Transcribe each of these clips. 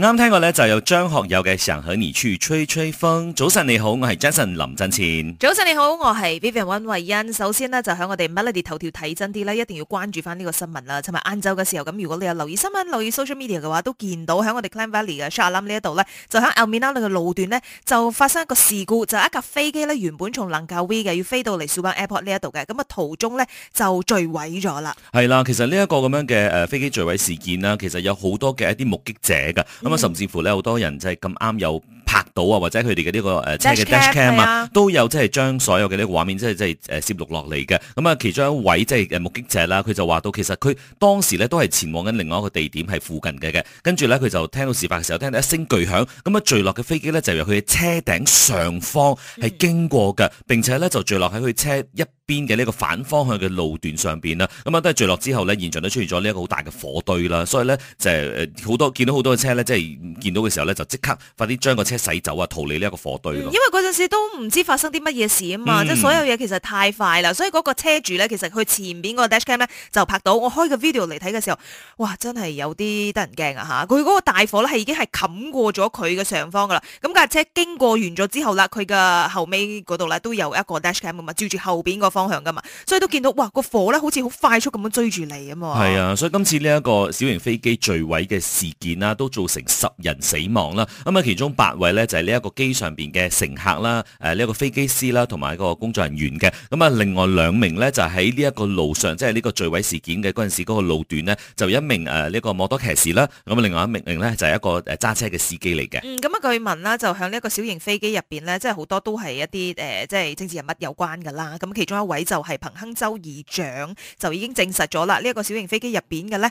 啱聽過咧，就有張學友嘅想和你去吹吹風。早晨你好，我係 Jason 林振前。早晨你好，我係 Vivian 溫慧欣。首先呢，就喺我哋 Melody 頭條睇真啲啦，一定要關注翻呢個新聞啦。尋日晏晝嘅時候，咁如果你有留意新聞、留意 social media 嘅話，都見到喺我哋 Clan Valley 嘅 Sha Lam 呢一度咧，就喺 a l m e n a l 嘅路段呢，就發生一個事故，就是、一架飛機呢，原本從能教 V 嘅，要飛到嚟小格 Airport 呢一度嘅，咁、那、啊、個、途中呢就墜毀咗啦。係啦，其實呢一個咁樣嘅誒、呃、飛機墜毀事件啦，其實有好多嘅一啲目擊者嘅。咁啊，嗯、甚至乎咧，好多人就係咁啱有拍到啊，或者佢哋嘅呢個誒車嘅 dashcam 啊，都有即係將所有嘅呢個畫面即係即係誒攝錄落嚟嘅。咁、嗯、啊，其中一位即係誒目擊者啦，佢就話到其實佢當時咧都係前往緊另外一個地點係附近嘅嘅，跟住咧佢就聽到事發嘅時候聽到一聲巨響，咁啊墜落嘅飛機咧就由佢嘅車頂上方係經過嘅，並且咧就墜落喺佢車一邊嘅呢個反方向嘅路段上邊啦。咁啊都係墜落之後咧，現場都出現咗呢一個好大嘅火堆啦。所以咧就係誒好多見到好多嘅車咧，即係見到嘅時候咧就即刻快啲將個車。走啊！逃離呢一個火堆咯、嗯。因為嗰陣時都唔知發生啲乜嘢事啊嘛，嗯、即係所有嘢其實太快啦，所以嗰個車主咧，其實佢前邊個 Dashcam 咧就拍到，我開個 video 嚟睇嘅時候，哇！真係有啲得人驚啊吓，佢嗰個大火咧係已經係冚過咗佢嘅上方噶啦。咁、嗯、架車經過完咗之後啦，佢嘅後尾嗰度咧都有一個 Dashcam 咁啊照住後邊個方向噶嘛，所以都見到哇個火咧好似好快速咁樣追住嚟啊嘛。係啊，所以今次呢一個小型飛機墜毀嘅事件啦、啊，都造成十人死亡啦。咁啊、嗯，其中八位。咧就係呢一個機上邊嘅乘客啦，誒呢一個飛機師啦，同埋一個工作人員嘅。咁啊，另外兩名咧就喺呢一個路上，即係呢個墜毀事件嘅嗰陣時嗰個路段咧，就一名誒呢個摩托騎士啦。咁啊，另外一名咧就係一個誒揸車嘅司機嚟嘅。嗯，咁啊，據聞啦，就喺呢一個小型飛機入邊咧，即係好多都係一啲誒，即係政治人物有關噶啦。咁其中一位就係彭亨州議長，就已經證實咗啦。呢一個小型飛機入邊嘅咧，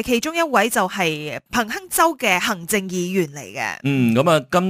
誒其中一位就係彭亨州嘅行政議員嚟嘅。嗯，咁啊今。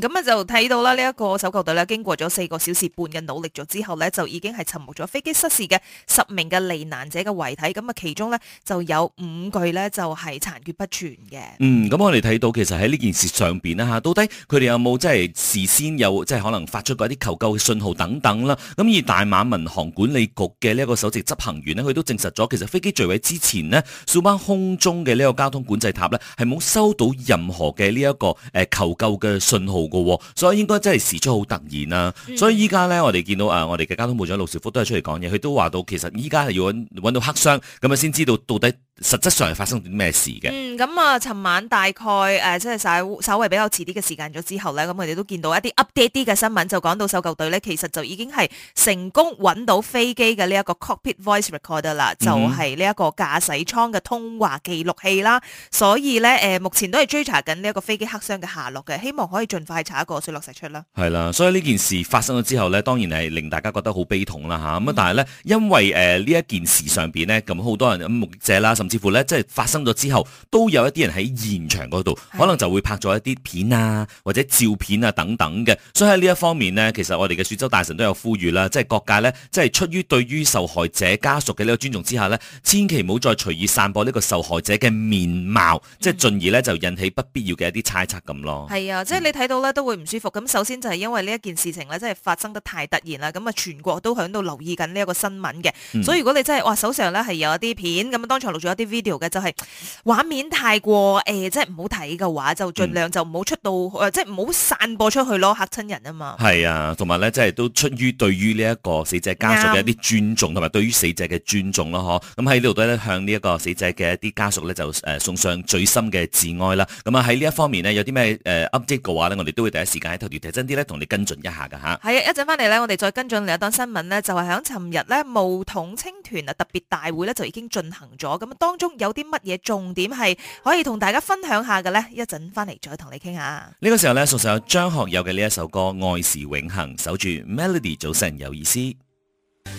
咁啊就睇到啦，呢一個搜救隊咧經過咗四個小時半嘅努力咗之後咧，就已經係尋獲咗飛機失事嘅十名嘅罹難者嘅遺體。咁啊，其中咧就有五具咧就係殘缺不全嘅。嗯，咁我哋睇到其實喺呢件事上邊咧嚇，到底佢哋有冇即係事先有即係可能發出過一啲求救嘅信號等等啦？咁而大馬民航管理局嘅呢一個首席執行員咧，佢都證實咗，其實飛機墜毀之前咧，數班空中嘅呢一個交通管制塔咧係冇收到任何嘅呢一個誒求救嘅信號。冇，所以應該真係事出好突然啦、啊。嗯、所以依家咧，我哋見到啊，我哋嘅交通部長陸兆福都係出嚟講嘢，佢都話到其實依家係要揾揾到黑箱，咁啊，先知道到底。實質上係發生啲咩事嘅？嗯，咁啊，尋晚大概誒即係喺稍微比較遲啲嘅時間咗之後咧，咁我哋都見到一啲 update 啲嘅新聞，就講到搜救隊咧，其實就已經係成功揾到飛機嘅呢一個 cockpit voice recorder 啦，就係呢一個駕駛艙嘅通話記錄器啦。嗯、所以咧、呃，目前都係追查緊呢一個飛機黑箱嘅下落嘅，希望可以盡快查一個水落石出啦。係啦，所以呢件事發生咗之後咧，當然係令大家覺得好悲痛啦嚇。咁啊，嗯、但係咧，因為呢、呃、呢一件事上邊咧，咁好多人、嗯、目擊者啦，甚似乎咧，即係發生咗之後，都有一啲人喺現場嗰度，的可能就會拍咗一啲片啊，或者照片啊等等嘅。所以喺呢一方面呢，其實我哋嘅雪州大臣都有呼籲啦，即係各界呢，即係出於對於受害者家屬嘅呢個尊重之下呢，千祈唔好再隨意散播呢個受害者嘅面貌，嗯、即係進而呢，就引起不必要嘅一啲猜測咁咯。係啊，即係你睇到呢，嗯、都會唔舒服。咁首先就係因為呢一件事情呢，真係發生得太突然啦。咁啊，全國都響度留意緊呢一個新聞嘅。嗯、所以如果你真係哇手上呢，係有一啲片咁，當場錄咗。啲 video 嘅就係、是、畫面太過誒、呃，即係唔好睇嘅話，就儘量就唔好出到誒、嗯呃，即係唔好散播出去咯，嚇親人啊嘛。係啊，同埋咧，即係都出於對於呢一個死者家屬嘅一啲尊重，同埋、啊、對於死者嘅尊重咯，嗬、嗯，咁喺呢度都向呢一個死者嘅一啲家屬咧，就誒、呃、送上最深嘅致哀啦。咁啊喺呢一方面呢，有啲咩誒 update 嘅話咧，我哋都會第一時間喺頭條睇真啲咧，同你跟進一下嘅吓，係啊，一陣翻嚟咧，我哋再跟進另一單新聞咧，就係響尋日咧，巫統青團啊特別大會咧就已經進行咗咁、嗯。當中有啲乜嘢重點係可以同大家分享下嘅呢？一陣翻嚟再同你傾下。呢個時候咧，送上張學友嘅呢一首歌《愛是永恆》，守住 Melody 早晨有意思。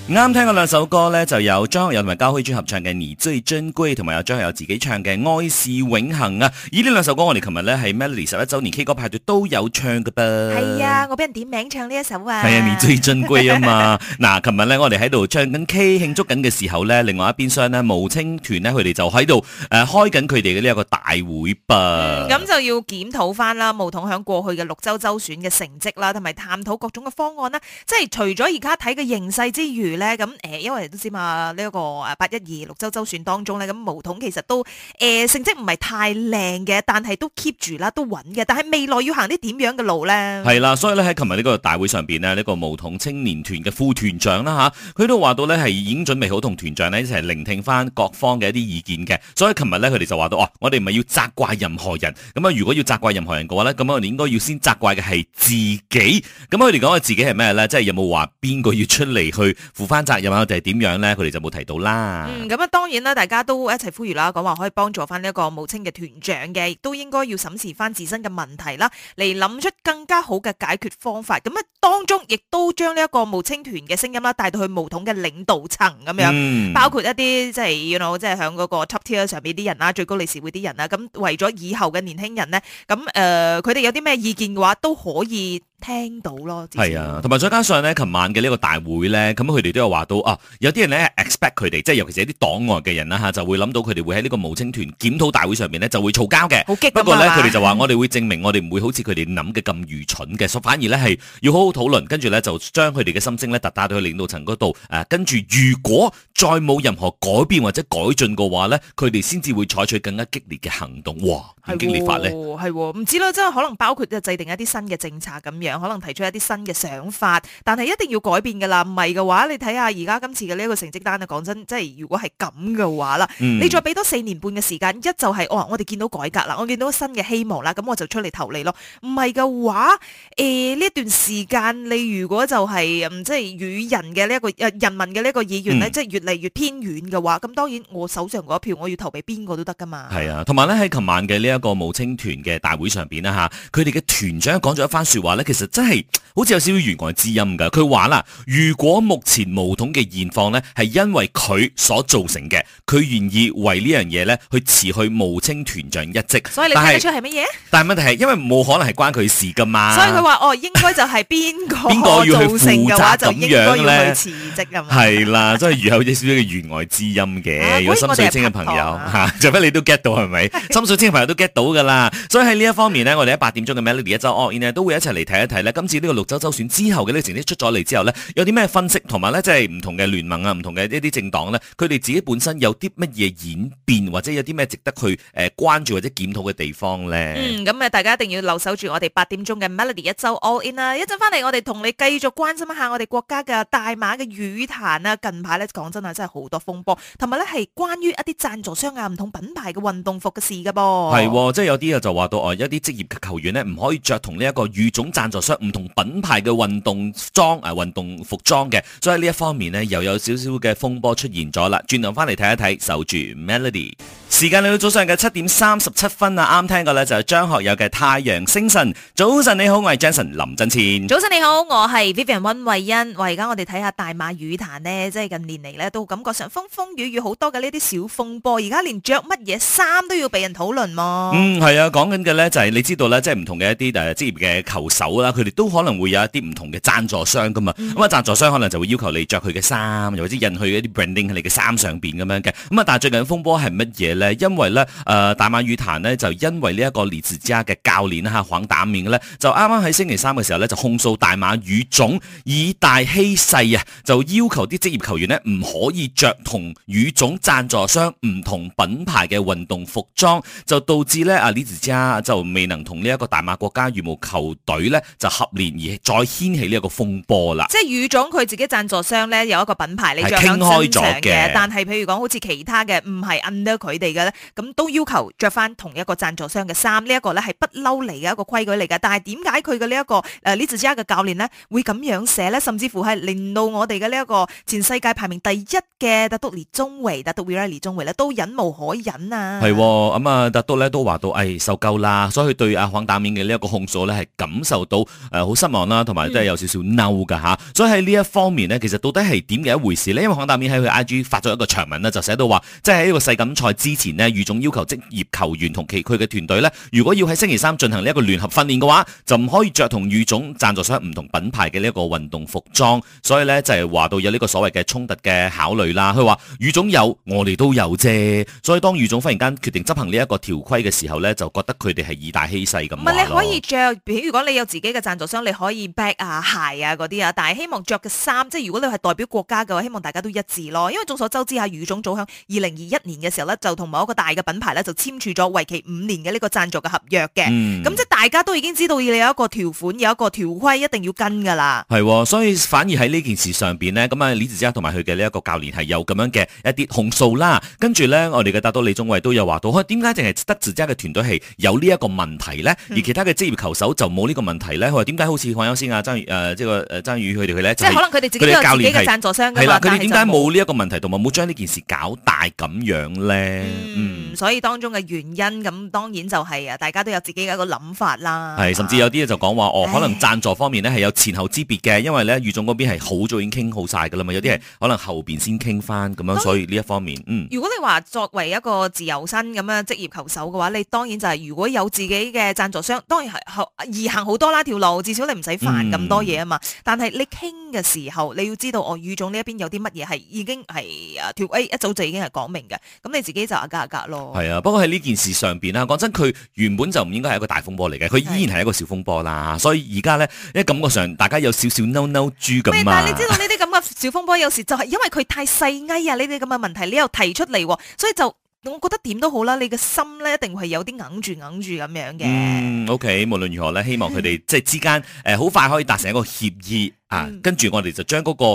啱聽嘅兩首歌咧，就有張學友同埋交輝珠合唱嘅《彌足珍貴》，同埋有張學友自己唱嘅《愛是永恆》啊！以呢兩首歌我們昨天，我哋琴日咧係 Melody 十一周年 K 歌派對都有唱嘅噃。係啊、哎，我俾人點名唱呢一首啊。係、哎、啊， 《彌足珍貴》啊嘛。嗱，琴日咧我哋喺度唱緊 K 慶祝緊嘅時候咧，另外一邊廂呢，巫青團呢，佢哋就喺度誒開緊佢哋嘅呢一個大會噃。咁、嗯、就要檢討翻啦，巫統響過去嘅六州州選嘅成績啦，同埋探討各種嘅方案啦。即係除咗而家睇嘅形勢之外，例如咧咁誒，因為都知嘛，呢一個誒八一二六州州選當中咧，咁巫統其實都誒、呃、成績唔係太靚嘅，但係都 keep 住啦，都穩嘅。但係未來要行啲點樣嘅路咧？係啦，所以咧喺琴日呢個大會上邊呢，呢、這個巫統青年團嘅副團長啦吓，佢都話到咧係已經準備好同團長呢一齊聆聽翻各方嘅一啲意見嘅。所以琴日咧佢哋就話到，哇、哦！我哋唔係要責怪任何人，咁啊，如果要責怪任何人嘅話咧，咁我哋應該要先責怪嘅係自己。咁佢哋講嘅自己係咩咧？即係有冇話邊個要出嚟去？負翻責任或者係點樣咧？佢哋就冇提到啦。嗯，咁啊，當然啦，大家都一齊呼籲啦，講話可以幫助翻呢一個巫青嘅團長嘅，亦都應該要審視翻自身嘅問題啦，嚟諗出更加好嘅解決方法。咁啊，當中亦都將呢一個巫青團嘅聲音啦，帶到去巫統嘅領導層咁樣，嗯、包括一啲即係原來即係響嗰個 top tier 上邊啲人啦，最高理事會啲人啦，咁為咗以後嘅年輕人咧，咁誒，佢、呃、哋有啲咩意見嘅話，都可以。聽到咯，係啊，同埋再加上咧，琴晚嘅呢個大會咧，咁佢哋都有話到啊，有啲人咧 expect 佢哋，即係尤其是啲黨外嘅人啦嚇、啊，就會諗到佢哋會喺呢個巫青團檢討大會上面咧就會嘈交嘅。好激烈不過咧，佢哋吧就話我哋會證明我哋唔會好似佢哋諗嘅咁愚蠢嘅，所以反而咧係要好好討論，跟住咧就將佢哋嘅心聲咧特達到去領導層嗰度。誒、啊，跟住如果再冇任何改變或者改進嘅話咧，佢哋先至會採取更加激烈嘅行動。哇，係激烈法咧，係唔、哦哦、知啦，即係可能包括制定一啲新嘅政策咁樣。可能提出一啲新嘅想法，但係一定要改變噶啦，唔係嘅話，你睇下而家今次嘅呢個成績單啊，講真，即係如果係咁嘅話啦，嗯、你再俾多四年半嘅時間，一就係、是哦、我我哋見到改革啦，我見到新嘅希望啦，咁我就出嚟投你咯。唔係嘅話，誒、呃、呢段時間你如果就係即係與人嘅呢一個、呃、人民嘅呢個議員呢，嗯、即係越嚟越偏遠嘅話，咁當然我手上嗰一票我要投俾邊個都得噶嘛。係啊，同埋咧喺琴晚嘅呢一個巫青團嘅大會上邊啦吓，佢哋嘅團長講咗一番說話咧，其實。真係好似有少少弦外之音㗎。佢話啦，如果目前巫統嘅現況呢，係因為佢所造成嘅，佢願意為呢樣嘢呢去辭去巫青團團長一職。所以你睇得出係乜嘢？但係問題係因為冇可能係關佢事㗎嘛。所以佢話：哦，應該就係邊個邊個要去負責咁樣咧？就應該要去辭職啊嘛。係啦， 真係有少少弦外之音嘅。啊、如果心水清嘅朋友就除、啊啊、 你都 get 到係咪？ 心水清嘅朋友都 get 到㗎啦。所以喺呢一方面呢，我哋喺八點鐘嘅 Melody 一周哦，然後都會一齊嚟睇一。係咧，今次呢個六州州選之後嘅呢啲成績出咗嚟之後咧，有啲咩分析同埋咧，即係唔同嘅聯盟啊、唔同嘅一啲政黨咧，佢哋自己本身有啲乜嘢演變，或者有啲咩值得去誒關注或者檢討嘅地方咧？嗯，咁啊，大家一定要留守住我哋八點鐘嘅 Melody 一週 All In 啦！一陣翻嚟，我哋同你繼續關心一下我哋國家嘅大馬嘅羽壇啊！近排咧講真啊，真係好多風波，同埋咧係關於一啲贊助商啊、唔同品牌嘅運動服嘅事㗎噃。係，即係有啲啊就話到哦，一啲職業嘅球員咧唔可以著同呢一個羽總贊。著上唔同品牌嘅運動裝啊，運動服裝嘅，所以呢一方面咧，又有少少嘅風波出現咗啦。轉頭翻嚟睇一睇，守住 Melody。時間嚟到早上嘅七點三十七分啊，啱聽過咧就係張學友嘅《太陽星辰》。早晨你好，我係 Jason 林振軒。早晨你好，我係 Vivian 温慧欣。哇，而家我哋睇下大馬羽壇咧，即係近年嚟咧都感覺上風風雨雨好多嘅呢啲小風波，而家連著乜嘢衫都要俾人討論喎。嗯，係啊，講緊嘅咧就係你知道咧，即係唔同嘅一啲誒職業嘅球手啊。佢哋都可能會有一啲唔同嘅贊助商㗎嘛，咁啊贊助商可能就會要求你着佢嘅衫，又或者印佢一啲 branding 喺你嘅衫上邊咁樣嘅。咁啊，但係最近風波係乜嘢呢？因為呢，誒、呃、大馬羽壇呢，就因為呢一個李梓嘉嘅教練黃達明嘅咧，就啱啱喺星期三嘅時候呢，就控訴大馬羽總以大欺細啊，就要求啲職業球員呢唔可以着同羽總贊助商唔同品牌嘅運動服裝，就導致咧阿李梓嘉就未能同呢一個大馬國家羽毛球隊咧。就合聯而再掀起呢一個風波啦！即係預咗佢自己贊助商咧有一個品牌你，你係傾開咗嘅。但係譬如講好似其他嘅唔係 under 佢哋嘅咧，咁都要求着翻同一個贊助商嘅衫。呢一個咧係不嬲嚟嘅一個規矩嚟嘅。但係點解佢嘅呢一個誒 Lizziya 嘅教練咧會咁樣寫咧？甚至乎係令到我哋嘅呢一個前世界排名第一嘅特多尼中維、特多維拉尼中維咧都忍無可忍啊！係咁啊！特多咧都話到誒、哎、受夠啦，所以對阿黃打面嘅呢一個控訴咧係感受到。誒，好、呃、失望啦，同埋都係有少少嬲噶吓，嗯、所以喺呢一方面呢，其實到底係點嘅一回事呢？因為恒大面喺佢 I G 發咗一個長文呢，就寫到話，即係喺呢個世錦賽之前呢，羽總要求職業球員同其佢嘅團隊呢，如果要喺星期三進行呢一個聯合訓練嘅話，就唔可以着同羽總贊助商唔同品牌嘅呢一個運動服裝，所以呢，就係、是、話到有呢個所謂嘅衝突嘅考慮啦。佢話羽總有，我哋都有啫，所以當羽總忽然間決定執行呢一個條規嘅時候呢，就覺得佢哋係以大欺細咁。唔係，你可以着，譬如如果你有自己。嘅贊助商，你可以 back 啊鞋啊嗰啲啊，但係希望着嘅衫，即係如果你係代表國家嘅話，希望大家都一致咯。因為眾所周知啊，羽總早響二零二一年嘅時候咧，就同某一個大嘅品牌咧就簽署咗為期五年嘅呢個贊助嘅合約嘅。咁、嗯、即係大家都已經知道你有一個條款，有一個條規，一定要跟噶啦。係、哦，所以反而喺呢件事上邊咧，咁啊李梓嘉同埋佢嘅呢一個教練係有咁樣嘅一啲控訴啦。跟住咧，我哋嘅拿督李宗偉都有話到，點解淨係得梓嘉嘅團隊係有呢一個問題咧，嗯、而其他嘅職業球手就冇呢個問題呢咧，點解好似我啱先啊，曾誒即係個曾宇佢哋嘅咧？即、呃、係、呃呃呃、可能佢哋自己都有自己嘅贊助商，係啦。佢點解冇呢一個問題，同埋冇將呢件事搞大咁樣咧？嗯，嗯，所以當中嘅原因咁，當然就係啊，大家都有自己嘅一個諗法啦。係，甚至有啲就講話哦，可能贊助方面咧係有前後之別嘅，因為咧，宇總嗰邊係好早已經傾好晒噶啦嘛，有啲係可能後邊先傾翻咁樣，當所以呢一方面，嗯。如果你話作為一個自由身咁樣職業球手嘅話，你當然就係如果有自己嘅贊助商，當然係易行好多啦。至少你唔使煩咁多嘢啊嘛。嗯、但係你傾嘅時候，你要知道我宇總呢一邊有啲乜嘢係已經係啊條 A 一早就已經係講明嘅，咁你自己就啊格啊格咯。係啊，不過喺呢件事上邊咧，講真，佢原本就唔應該係一個大風波嚟嘅，佢依然係一個小風波啦。是的 所以而家咧，喺感覺上大家有少少 no no 豬咁啊。但係你知道呢啲咁嘅小風波，有時就係因為佢太細埃啊，呢啲咁嘅問題，你，問題你又提出嚟，所以就。我覺得點都好啦，你嘅心咧一定係有啲哽住哽住咁樣嘅。嗯，OK，無論如何咧，希望佢哋 即係之間誒，好、呃、快可以達成一個協議。跟住我哋就將嗰個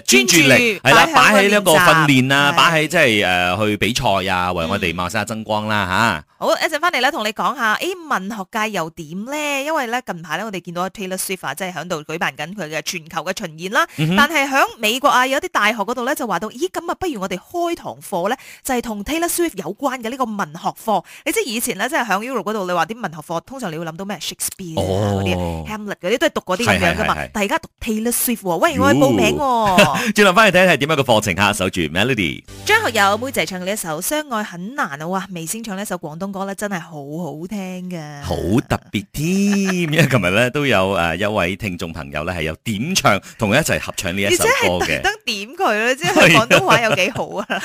誒專注力係啦，擺喺呢個訓練啊，擺喺即係去比賽啊，為我哋馬莎增光啦吓。好，一陣翻嚟咧，同你講下，誒文學界又點咧？因為咧近排咧，我哋見到 Taylor Swift 即係喺度舉辦緊佢嘅全球嘅巡演啦。嗯哼。但係喺美國啊，有啲大學嗰度咧就話到，咦咁啊，不如我哋開堂課咧，就係同 Taylor Swift 有關嘅呢個文學課。你即係以前咧，即係喺 Europe 嗰度，你話啲文學課通常你會諗到咩 Shakespeare 嗰啲、Hamlet 嗰啲，都係讀啲咁樣噶嘛。但而家讀 Swift，喂我去報名喎、啊。轉頭翻去睇係點一個課程吓，守住 Melody。張學友梅姐唱呢一首《相愛很難》啊，哇！未先唱呢一首廣東歌咧，真係好好聽嘅，好特別添。因為琴日咧都有誒一位聽眾朋友咧係有點唱，同佢一齊合唱呢一首歌嘅。而且係特登點佢咧，即係廣東話有幾好啊。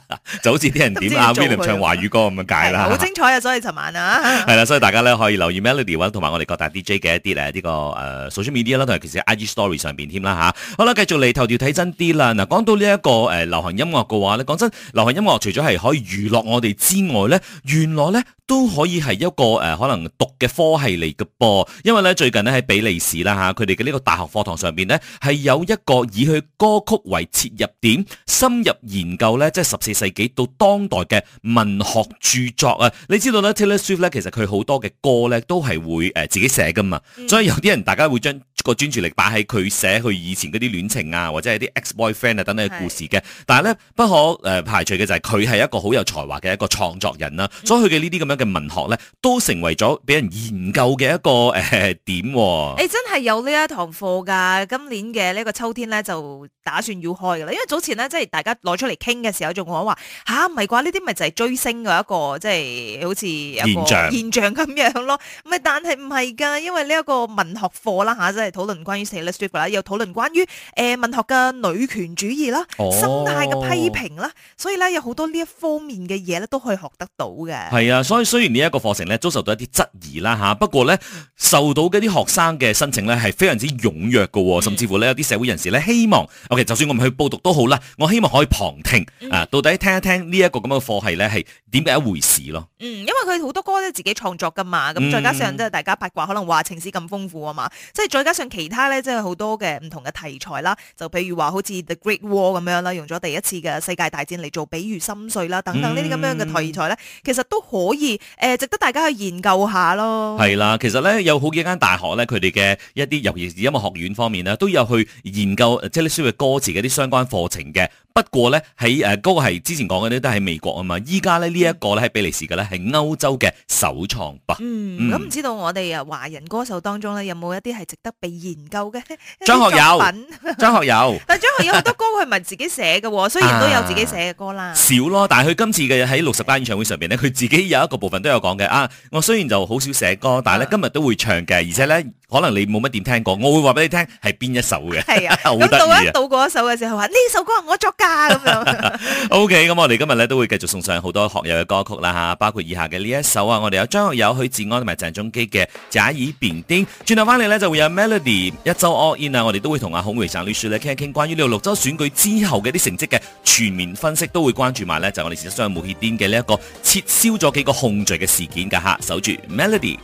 就好似啲人點啊 William 唱華語歌咁樣解啦，好精彩啊！所以尋晚啊，係啦，所以大家咧可以留意 Melody 同埋我哋各大 DJ 嘅一啲咧呢個誒 social media 啦，同埋其實 IG story 上面添啦吓，好啦，繼續嚟頭條睇真啲啦。嗱，講到呢一個流行音樂嘅話咧，講真，流行音樂除咗係可以娛樂我哋之外咧，原來咧都可以係一個可能讀嘅科系嚟嘅噃。因為咧最近咧喺比利時啦，佢哋嘅呢個大學課堂上面咧係有一個以佢歌曲為切入點深入研究咧，即係十四世紀。到當代嘅文學著作啊，你知道咧 Taylor Swift 咧，其實很多的呢，佢好多嘅歌咧都係會誒自己寫噶嘛，嗯、所以有啲人大家會將。個專注力擺喺佢寫佢以前嗰啲戀情啊，或者係啲 ex boyfriend 啊等等嘅故事嘅。是但係咧，不可誒排除嘅就係佢係一個好有才華嘅一個創作人啦。嗯、所以佢嘅呢啲咁樣嘅文學咧，都成為咗俾人研究嘅一個誒點。誒、欸，真係有呢一堂課噶，今年嘅呢個秋天咧就打算要開噶啦。因為早前咧，即係大家攞出嚟傾嘅時候，仲講話吓唔係啩？呢啲咪就係追星嘅一個，即係好似一個現象、現象咁樣咯。唔係，但係唔係噶，因為呢一個文學課啦吓，真係。討論關於《Taylor Swift》啦，又討論關於誒文學嘅女權主義啦、生態嘅批評啦，所以咧有好多呢一方面嘅嘢咧都可以學得到嘅。係啊，所以雖然呢一個課程咧遭受到一啲質疑啦嚇，不過咧受到嘅啲學生嘅申請咧係非常之踴躍㗎，甚至乎咧有啲社會人士咧希望，OK，就算我唔去報讀都好啦，我希望可以旁聽啊，到底聽一聽呢一個咁樣嘅課係咧係點解一回事咯。嗯，因為佢好多歌咧自己創作㗎嘛，咁再加上即係大家八卦，可能話情史咁豐富啊嘛，即係再加上。其他咧，即係好多嘅唔同嘅題材啦，就譬如話好似 The Great War 咁樣啦，用咗第一次嘅世界大戰嚟做比喻心碎啦，等等呢啲咁樣嘅題材咧，嗯、其實都可以誒、呃，值得大家去研究一下咯。係啦，其實咧有好幾間大學咧，佢哋嘅一啲尤其係音樂學院方面咧，都有去研究即係呢啲嘅歌詞嘅啲相關課程嘅。不過呢，喺誒嗰個係之前講嘅呢都係美國啊嘛，依家咧呢一、嗯、個咧喺比利時嘅咧係歐洲嘅首創吧。嗯，咁唔、嗯、知道我哋啊華人歌手當中咧有冇一啲係值得被研究嘅？張學友，張學友。 但係張學友好多歌佢唔係自己寫嘅，雖然 都有自己寫嘅歌啦、啊。少咯，但係佢今次嘅喺六十間演唱會上邊咧，佢自己有一個部分都有講嘅。啊，我雖然就好少寫歌，但係咧今日都會唱嘅，而且咧。可能你冇乜點聽過，我會話俾你聽係邊一首嘅，係啊，好 到我一啊！到一首嘅時候，話呢首歌我作假咁樣。OK，咁我哋今日咧都會繼續送上好多學友嘅歌曲啦吓、啊，包括以下嘅呢一首啊，我哋有張學友、許志安同埋鄭中基嘅甲乙丙丁。轉頭翻嚟咧就會有 Melody 一周 All In 啊，我哋都會同阿孔維、鄭律師咧傾一傾關於呢個六周選舉之後嘅啲成績嘅全面分析，都會關注埋咧就是、我哋實際上無欠癲嘅呢一個撤銷咗幾個控罪嘅事件嘅吓、啊，守住 Melody。